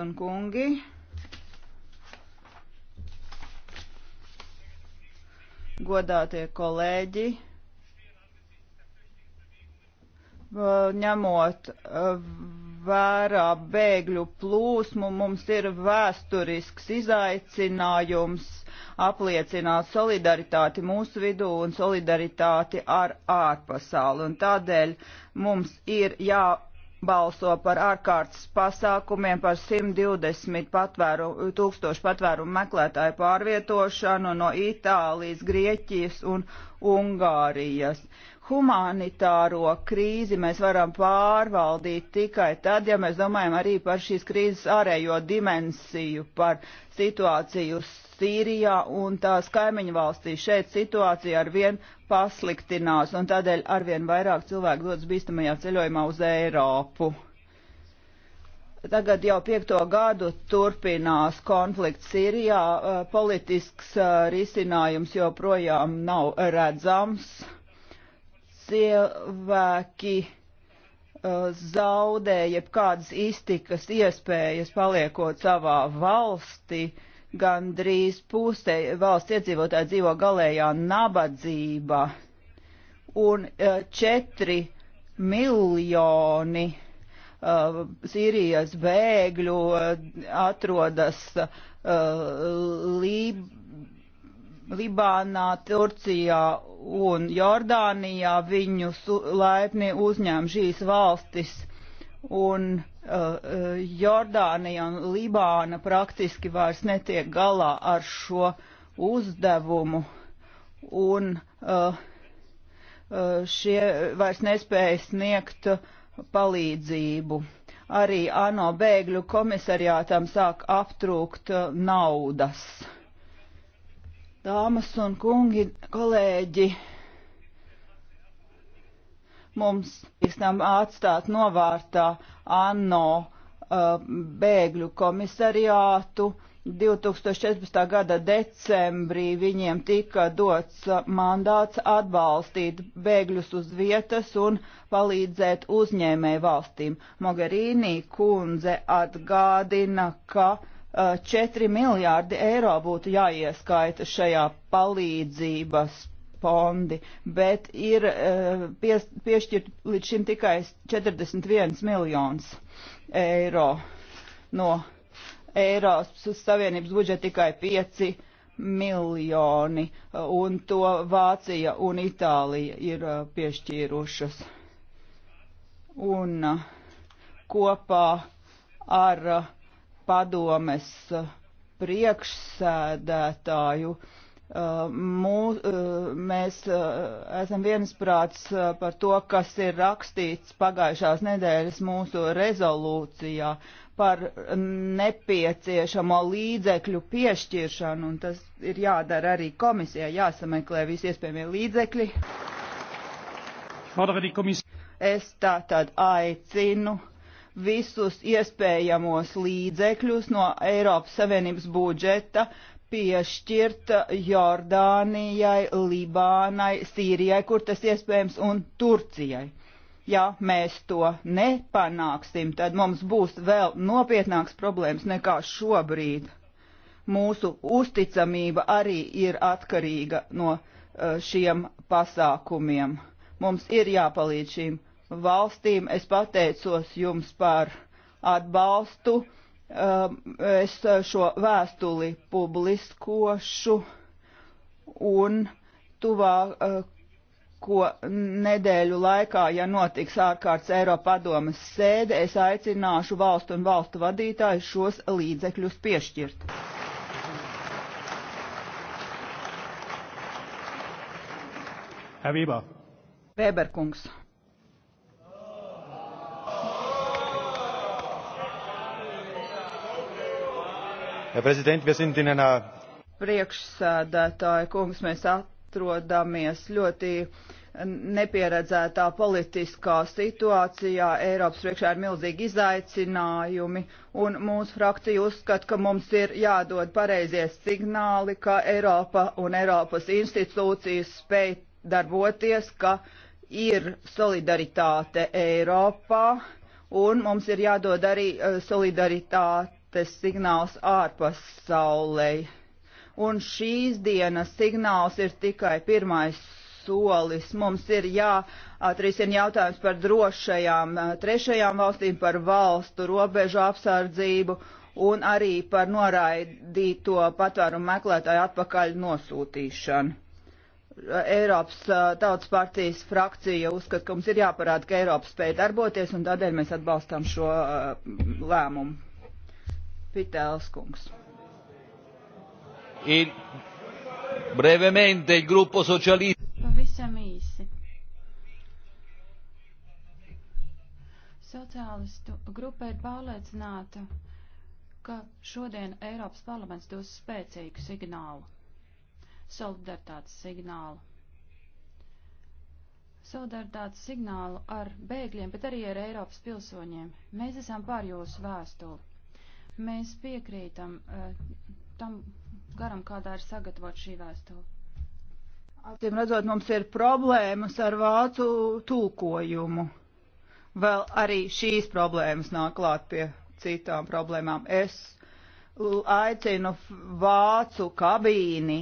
un kungi. Godātie kolēģi, ņemot eh, vērā bēgļu plūsmu, mums ir vēsturisks izaicinājums apliecināt solidaritāti mūsu vidū un solidaritāti ar ārpasauli. Un tādēļ mums ir jā balso par ārkārtas pasākumiem, par 120 patvēru, tūkstošu patvērumu meklētāju pārvietošanu no Itālijas, Grieķijas un Ungārijas humanitāro krīzi mēs varam pārvaldīt tikai tad, ja mēs domājam arī par šīs krīzes ārējo dimensiju, par situāciju Sīrijā un tās kaimiņu valstīs. Šeit situācija arvien pasliktinās un tādēļ arvien vairāk cilvēku dodas bīstamajā ceļojumā uz Eiropu. Tagad jau piekto gadu turpinās konflikts Sīrijā, politisks uh, risinājums joprojām nav redzams cilvēki uh, zaudē jebkādas iztikas iespējas paliekot savā valstī, gandrīz pusē valsts iedzīvotāji dzīvo galējā nabadzībā, un uh, četri miljoni uh, Sīrijas bēgļu uh, atrodas uh, Lībijā Libānā, Turcijā un Jordānijā viņu laipni uzņēma šīs valstis un uh, uh, Jordānija un Libāna praktiski vairs netiek galā ar šo uzdevumu un uh, uh šie vairs nespēja sniegt palīdzību. Arī ANO bēgļu komisariātam sāk aptrūkt uh, naudas. Dāmas un kungi, kolēģi, mums visam atstāt novārtā ANO uh, bēgļu komisariātu. 2014. gada decembrī viņiem tika dots mandāts atbalstīt bēgļus uz vietas un palīdzēt uzņēmēju valstīm. Mogherīnī kundze atgādina, ka uh, 4 eh, miljārdi eiro būtu jāieskaita šajā palīdzības fondi, bet ir eh, piešķirt līdz šim tikai 41 miljons eiro no Eiropas Savienības budžeta tikai 5 miljoni, eh, un to Vācija un Itālija ir piešķīrušas. Un kopā ar uh, padomes eh, priekšsēdētāju. Eh, mū, eh, mēs esam viensprāts par to, kas ir rakstīts pagājušās nedēļas mūsu rezolūcijā par nepieciešamo līdzekļu piešķiršanu, un tas ir jādara arī komisijā, jāsameklē visi iespējamie līdzekļi. Es tā tad aicinu visus iespējamos līdzekļus no Eiropas Savienības budžeta piešķirt Jordānijai, Libānai, Sīrijai, kur tas iespējams, un Turcijai. Ja mēs to nepanāksim, tad mums būs vēl nopietnāks problēmas nekā šobrīd. Mūsu uzticamība arī ir atkarīga no eh, šiem pasākumiem. Mums ir jāpalīdz šīm valstīm. Es pateicos jums par atbalstu. Um, es šo vēstuli publiskošu un tuvāko uh, nedēļu laikā, ja notiks ārkārtas Eiropadomas sēde, es aicināšu valstu un valstu vadītājus šos līdzekļus piešķirt. Herr Weber. Weber kungs. Herr Präsident, wir sind in einer. Priekšsēdētāja kungs, mēs atrodamies ļoti nepieredzētā politiskā situācijā. Eiropas priekšā ir milzīgi izaicinājumi, un mūsu frakcija uzskata, ka mums ir jādod pareizie signāli, ka Eiropa un Eiropas institūcijas spēj darboties, ka ir solidaritāte Eiropā, un mums ir jādod arī eh, solidaritāte ārtes signāls ārpasaulei. Un šīs dienas signāls ir tikai pirmais solis. Mums ir jāatrisina jautājums par drošajām trešajām valstīm, par valstu robežu apsardzību un arī par noraidīto patvērumu meklētāju atpakaļ nosūtīšanu. Eiropas Tautas partijas frakcija uzskata, ka mums ir jāparāda, ka Eiropa spēja darboties, un tādēļ mēs atbalstām šo uh, lēmumu. Pitēls kungs. Il... Brevemente, il gruppo socialista. Pavisam īsi. Sociālistu grupa ir pārliecināta, ka šodien Eiropas parlaments dos spēcīgu signālu, solidaritātes signālu. Solidaritātes signālu ar bēgļiem, bet arī ar Eiropas pilsoņiem. Mēs esam pār jūsu vēstuli. Mēs piekrītam eh, tam garam, kādā ir sagatavot šī vēstule. Atcīm redzot, mums ir problēmas ar vācu tulkojumu. Vēl arī šīs problēmas nāk klāt pie citām problēmām. Es aicinu vācu kabīni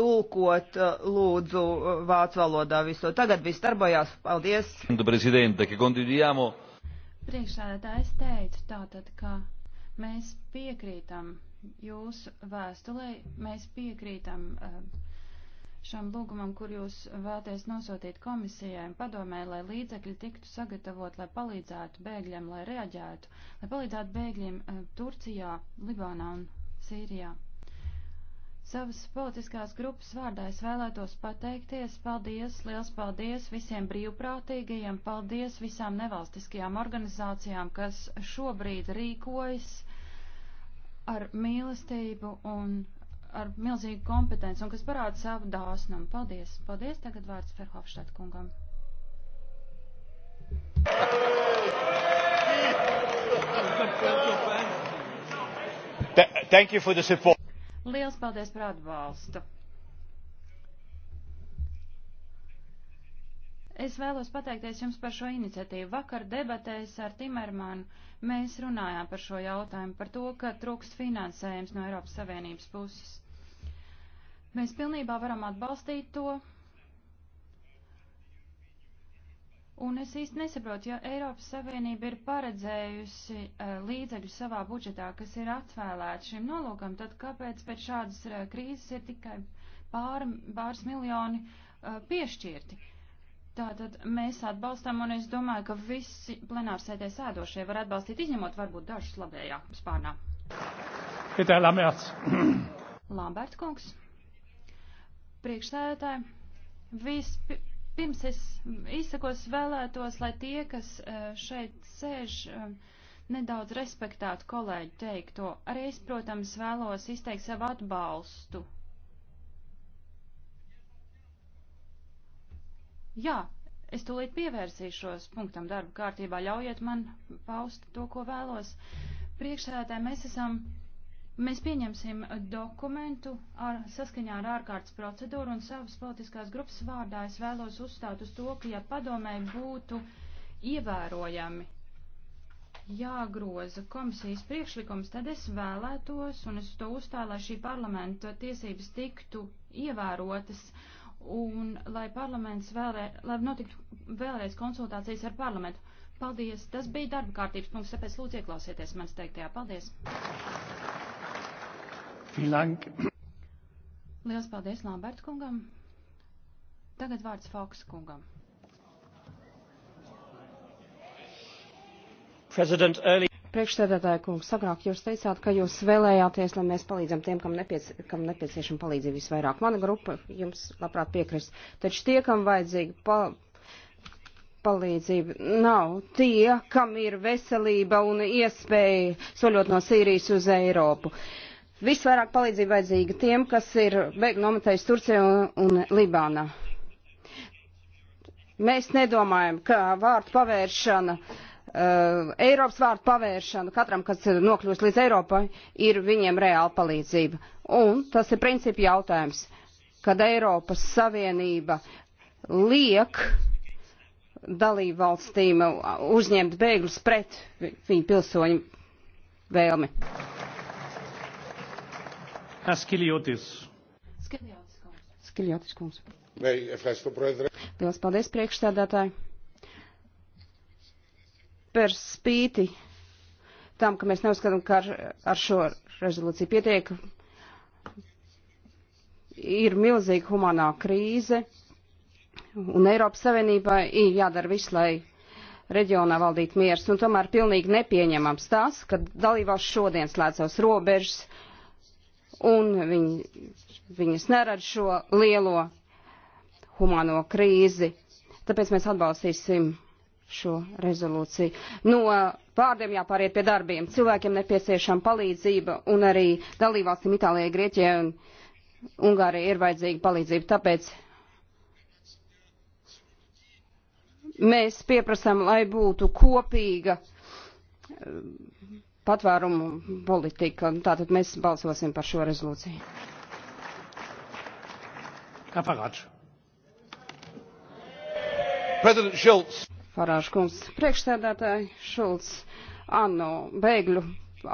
tulkot eh, lūdzu eh, vācu valodā visu. Tagad viss darbojās. Paldies. Priekšsēdētājs teica tātad, ka Mēs piekrītam jūsu vēstulē, mēs piekrītam eh, šam lūgumam, kur jūs vēlaties nosūtīt komisijai un padomē, lai līdzekļi tiktu sagatavot, lai palīdzētu bēgļiem, lai reaģētu, lai palīdzētu bēgļiem eh, Turcijā, Libānā un Sīrijā. Savas politiskās grupas vārdā es vēlētos pateikties. Paldies, liels paldies visiem brīvprātīgajiem, paldies visām nevalstiskajām organizācijām, kas šobrīd rīkojas ar mīlestību un ar milzīgu kompetenci un kas parāda savu dāsnumu. Paldies! Paldies! Tagad vārds Ferhofštāt kungam. Thank you for the support. Liels paldies par atbalstu. Es vēlos pateikties jums par šo iniciatīvu. Vakar debatēs ar Timermanu mēs runājām par šo jautājumu, par to, ka trūkst finansējums no Eiropas Savienības puses. Mēs pilnībā varam atbalstīt to. Un es īsti nesaprotu, ja Eiropas Savienība ir paredzējusi uh, līdzekļus savā budžetā, kas ir atvēlēti šim nolūkam, tad kāpēc pēc šādas uh, krīzes ir tikai pār, pāris miljoni uh, piešķirti? Uh, Tātad mēs atbalstam, un es domāju, ka visi plenārsēdē sēdošie var atbalstīt, izņemot varbūt dažus labējā spārnā. Pitē Lamberts. Lamberts kungs. Priekšsēdētāji, vispirms es izsakos vēlētos, lai tie, kas e, šeit sēž, e, nedaudz respektētu kolēģi teikto. Arī es, protams, vēlos izteikt savu atbalstu Jā, es tūlīt pievērsīšos punktam darba kārtībā. Ļaujiet man paust to, ko vēlos. Priekšsēdētāji, mēs esam. Mēs pieņemsim dokumentu ar, saskaņā ar ārkārtas procedūru un savas politiskās grupas vārdā es vēlos uzstāt uz to, ka ja padomē būtu ievērojami jāgroza komisijas priekšlikums, tad es vēlētos un es to uzstāju, lai šī parlamenta tiesības tiktu ievērotas un lai parlaments vēlē, lai notiktu vēlreiz konsultācijas ar parlamentu. Paldies, tas bija darba kārtības punkts, tāpēc lūdzu ieklausieties manis teiktajā. Paldies. Filank. Liels paldies Lamberts kungam. Tagad vārds Fauks kungam. President, early... Priekšsēdētāja kungs, agrāk jūs teicāt, ka jūs vēlējāties, lai mēs palīdzam tiem, kam, nepiec kam nepieciešama palīdzība visvairāk. Mana grupa jums labprāt piekrist. Taču tie, kam vajadzīga pa palīdzība, nav tie, kam ir veselība un iespēja soļot no Sīrijas uz Eiropu. Visvairāk palīdzība vajadzīga tiem, kas ir beigu nometējis Turcijā un, un Libānā. Mēs nedomājam, ka vārtu pavēršana uh, uh, Eiropas vārdu pavēršanu katram, kas ir nokļūst līdz Eiropai, ir viņiem reāla palīdzība. Un tas ir principi jautājums, kad Eiropas Savienība liek dalību valstīm uzņemt bēgļus pret viņu pilsoņu vēlmi. Skiljotis. Skiljotis kungs. Skiljotis kungs. Liels paldies priekšstādātāji par spīti tam, ka mēs neuzskatām, ka ar, ar šo rezolūciju pietiek, ir milzīga humanā krīze, un Eiropas Savienībai ir jādara viss, lai reģionā valdītu miers, un tomēr pilnīgi nepieņemams tas, ka dalībvalsts šodien slēdzos robežas, un viņi, viņas nerad šo lielo humano krīzi. Tāpēc mēs atbalstīsim šo rezolūciju. No vārdiem jāpāriet pie darbiem. Cilvēkiem nepieciešama palīdzība un arī dalībvalstīm Itālijai, Grieķijai un Ungārijai ir vajadzīga palīdzība. Tāpēc mēs pieprasām, lai būtu kopīga um, patvērumu politika. Tātad mēs balsosim par šo rezolūciju. Kafarāč. President Schultz. Farāžu kungs, priekšsēdētāji, Šulc, Anno, Bēgļu.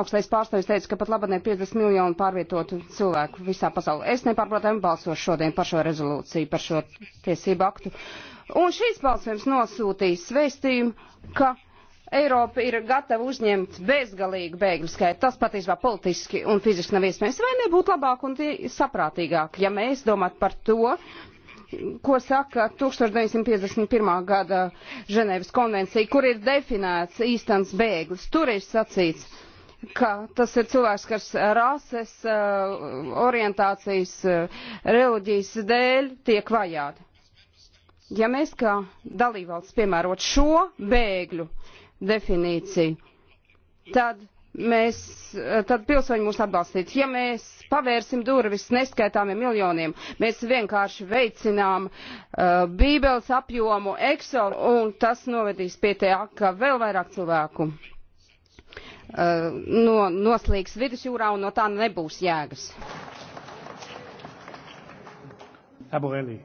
Augstais pārstāvis teica, ka pat labi ne 50 miljonu pārvietotu cilvēku visā pasaulē. Es nepārprotami balsošu šodien par šo rezolūciju, par šo tiesību aktu. Un šīs balsojums nosūtīs vēstījumu, ka Eiropa ir gatava uzņemt bezgalīgu bēgļu skaitu. Tas patiesībā politiski un fiziski nav iespējams. Vai nebūtu labāk un saprātīgāk, ja mēs domātu par to, ko saka 1951. gada Ženēvas konvencija, kur ir definēts īstens bēglis. Tur ir sacīts, ka tas ir cilvēks, kas rases, eh, orientācijas, eh, reliģijas dēļ tiek vajāti. Ja mēs kā dalībvalsts piemērot šo bēgļu definīciju, tad mēs, eh, tad pilsoņi mūs atbalstītu. Ja mēs pavērsim durvis neskaitāmiem miljoniem, mēs vienkārši veicinām uh, bībeles apjomu, eksoru, un tas novedīs pie tā, ka vēl vairāk cilvēku uh, no, noslīgs vidusjūrā, un no tā nebūs jēgas. Borelli.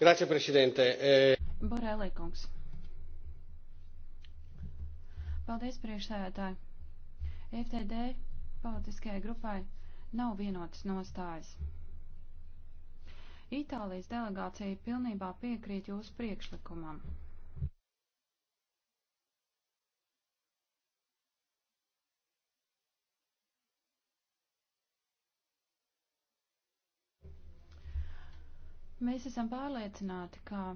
Grazie, Presidente. Borelli, kungs. Paldies, priekšsēdētāji. FTD politiskajai grupai nav vienotas nostājas. Itālijas delegācija pilnībā piekrīt jūsu priekšlikumam. Mēs esam pārliecināti, ka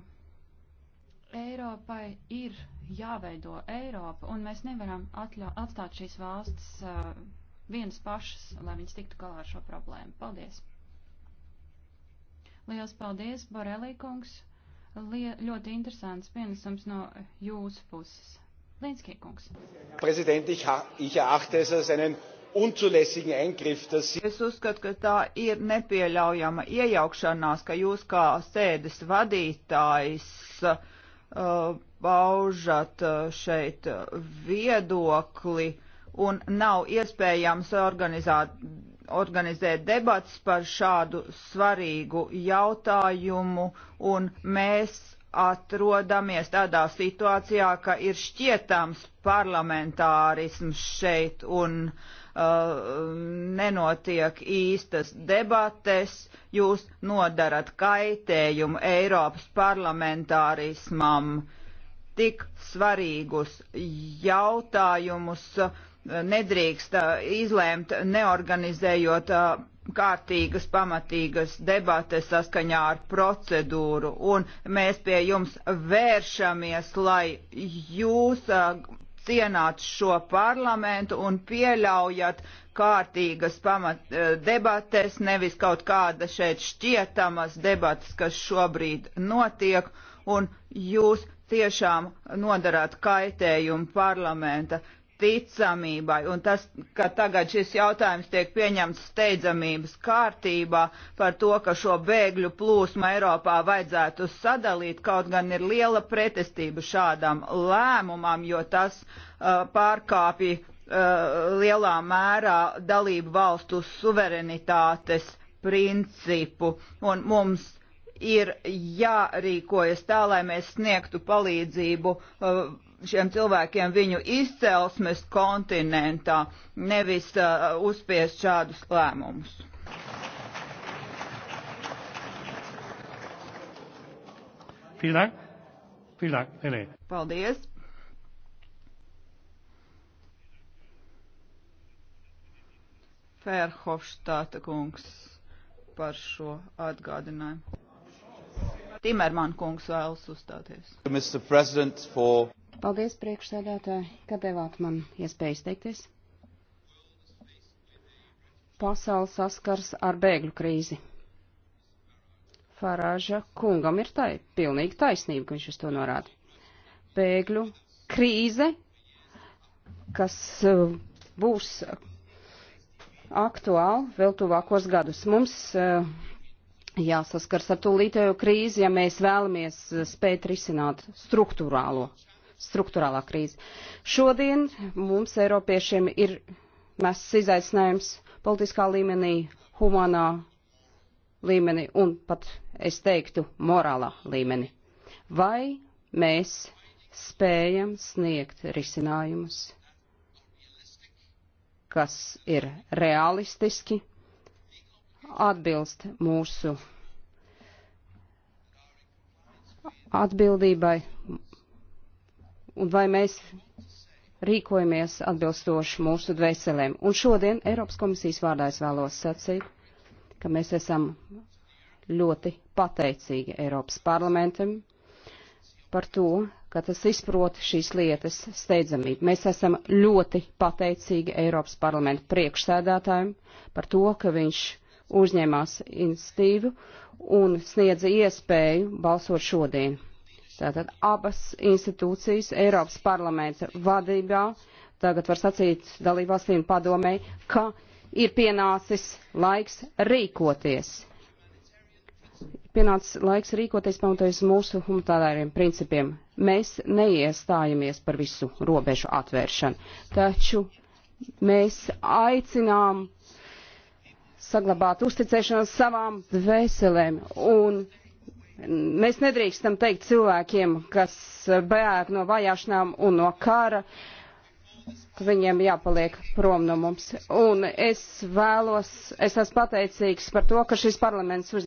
Eiropai ir jāveido Eiropa, un mēs nevaram atļau, atstāt šīs valsts uh, vienas pašas, lai viņas tiktu galā ar šo problēmu. Paldies! Liels paldies, Borelī kungs! Lie, ļoti interesants pienesums no jūsu puses. Linskī kungs. Prezident, ich, ich erachte es als einen unzulässigen Eingriff, dass Sie. Es uzskatu, ka tā ir nepieļaujama iejaukšanās, ka jūs kā sēdes vadītājs uh, Uh, paužat uh, šeit viedokli un nav iespējams organizēt, organizēt debats par šādu svarīgu jautājumu, un mēs atrodamies tādā situācijā, ka ir šķietams parlamentārisms šeit un uh, nenotiek īstas debates, jūs nodarat kaitējumu Eiropas parlamentārismam tik svarīgus jautājumus uh, nedrīkst uh, izlēmt neorganizējot uh, kārtīgas, pamatīgas debates saskaņā ar procedūru, un mēs pie jums vēršamies, lai jūs cienāt šo parlamentu un pieļaujat kārtīgas pamat, debates, nevis kaut kāda šeit šķietamas debates, kas šobrīd notiek, un jūs tiešām nodarāt kaitējumu parlamenta ticamībai. Un tas, ka tagad šis jautājums tiek pieņemts steidzamības kārtībā par to, ka šo bēgļu plūsmu Eiropā vajadzētu sadalīt, kaut gan ir liela pretestība šādam lēmumam, jo tas uh, pārkāpja uh, lielā mērā dalību valstu suverenitātes principu. Un mums ir jārīkojas tā, lai mēs sniegtu palīdzību uh, šiem cilvēkiem viņu izcelsmes kontinentā, nevis uh, uzspiest šādus lēmumus. Vielen Dank. Vielen Paldies. Fērhofštāta kungs par šo atgādinājumu. Timerman kungs vēlas uzstāties. For... Paldies, priekšsēdētāji, ka devāt man iespēju izteikties. Pasaule saskars ar bēgļu krīzi. Farāža kungam ir tai, pilnīgi taisnība, ka viņš uz to norāda. Bēgļu krīze, kas uh, būs aktuāli vēl tuvākos gadus. Mums uh, jāsaskars ar tūlītējo krīzi, ja mēs vēlamies uh, spēt risināt struktūrālo struktūrālā krīze. Šodien mums, Eiropiešiem, ir mests izaicinājums politiskā līmenī, humanā līmenī un pat, es teiktu, morālā līmenī. Vai mēs spējam sniegt risinājumus, kas ir realistiski, atbilst mūsu atbildībai, un vai mēs rīkojamies atbilstoši mūsu dvēselēm. Un šodien Eiropas komisijas vārdā es vēlos sacīt, ka mēs esam ļoti pateicīgi Eiropas parlamentam par to, ka tas izprot šīs lietas steidzamību. Mēs esam ļoti pateicīgi Eiropas parlamenta priekšsēdētājiem par to, ka viņš uzņēmās institīvu un sniedza iespēju balsot šodien. Tātad abas institūcijas Eiropas parlamenta vadībā tagad var sacīt dalībvalstīm padomē, ka ir pienācis laiks rīkoties. Pienācis laiks rīkoties pamatojas mūsu humanitāriem principiem. Mēs neiestājamies par visu robežu atvēršanu, taču mēs aicinām saglabāt uzticēšanos savām dvēselēm un Mēs nedrīkstam teikt cilvēkiem, kas bēg no vajāšanām un no kara, ka viņiem jāpaliek prom no mums. Un es vēlos, es esmu pateicīgs par to, ka šis parlaments uz